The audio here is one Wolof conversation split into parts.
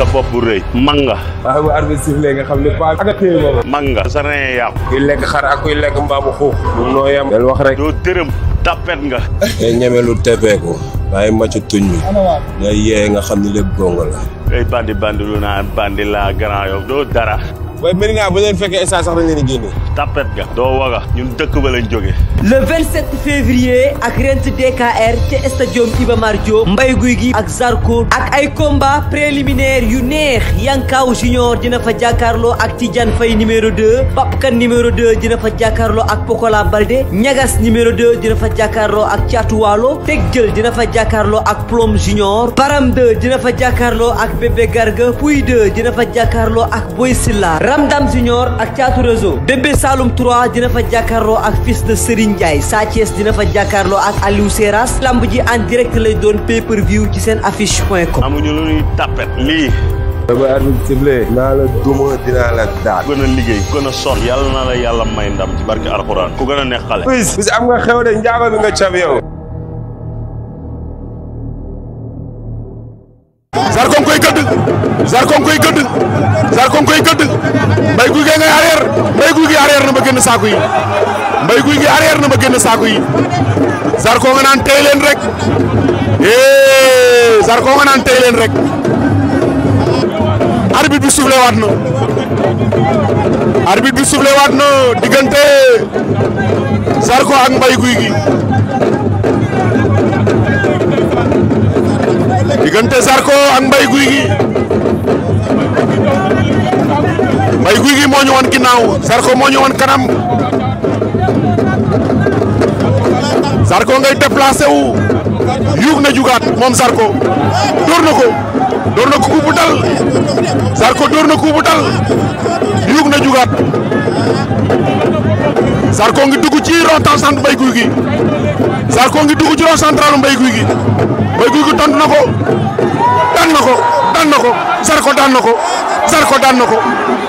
sa bopp bu rëy manga waaw bu arbitre sifflé nga xam ne paa ak a téye boobu manga sa reen yàqu kuy lekk xar ak kuy lekk mbaabu xuux bu noo yem del wax rek doo tërëm tapet nga day ñeme lu tepeeku bàyyi maccu tuñ bi day yeeye nga xam ne lépp gónga la day bandi bandi lu naan bandi laa Grand doo dara waaye Medina bu leen fekkee instant sax dañ leen di génne. tapet ga doo waga ñun dëkk ba lañ jógee. le 27 février ak rent DKR ca stadium Iba Marjo, Diop Mbaye Gouy Gui ak Zarko ak ay combat préliminaire yu neex Yankaw Junior dina fa jàkkaarloo ak Tidiane Faye numéro 2 Papkan numéro 2 dina fa jàkkaarloo ak Pokola Balde Niagas numéro 2 dina fa jàkkaarloo ak Thiatou Walo Tegjël dina fa jàkkaarloo ak Plom Junior Param 2 dina fa jàkkaarloo ak Bébé Garga Pouy 2 dina fa jàkkaarloo ak Boy Silla Ramdam Junior ak Caatu Réseau Bébé Saloum 3 dina fa jàkkaarloo ak fils de Serigne Ndiaye Sa Thiès dina fa jàkkaarloo ak Aliou lamb ji en direct lay doon pay ci seen affiche point com. amuñu lu ñuy tàppet lii. naa la duma dinaa la daal gën a liggéey gën a sonn yàlla naa la yàlla may ndam ci barke alxuraan ku gën a neex am nga xew de njaago bi nga cab Gueye ngay arrière Mbaye Gouye Gui arrière na ba génn saako yi Mbaye Gouye Gui arrière na ba génn saako yi Zarko nga naan tey leen rek eh Zarko nga naan tey leen rek arbitre bi soufflé waat na arbitre bi soufflé waat na diggante Zarko ak mbay Gouye Gui diggante Zarko ak Mbaye Gouye Gui. moo ñu wan ginnaaw Zarko moo ñu wan kanam Zarko ngay déplacer wu yuug na jugat mom Zarko dóor na ko dóor ko kuubu dal Zarko dóor na kuubu dal yuug na jugaat Zarko ngi dugg ci rotan sant bay guuy gi Zarko ngi dugg ci rotan central bay guuy gi bay guuy gi tontu na ko daan na ko daan na ko Zarko daan na Zarko daan na ko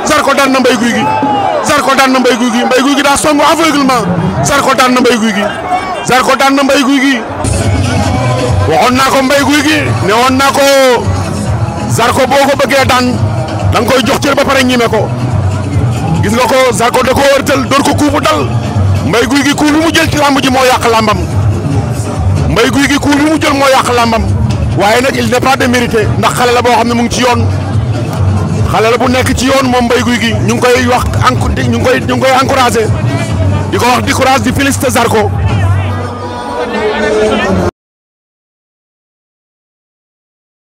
Zarko daan na mbay guy gi Zarko daan na mbay guy gi mbay guy gi daa songu aveuglement Zarko daan na mbay guy gi Zarko daan na mbay guy gi waxoon naa ko mbay guy gi ne woon naa ko Zarko boo ko bëggee daan da nga koy jox cër ba pare ñime ko gis nga ko Zarko da ko wërtal door ko kuubu dal mbay guy gi kuul bi mu jël ci làmb ji moo yàq làmbam mbay guy gi kuul bi mu jël moo yàq làmbam waaye nag il n'est pas démérité ndax xale la boo xam ne mu ngi ci yoon. xale la bu nekk ci yoon moom Mbaye Gouy Gui ñu ngi koy wax ñu ngi koy ñu ngi koy encouragé di ko wax di courage di félicité Zarko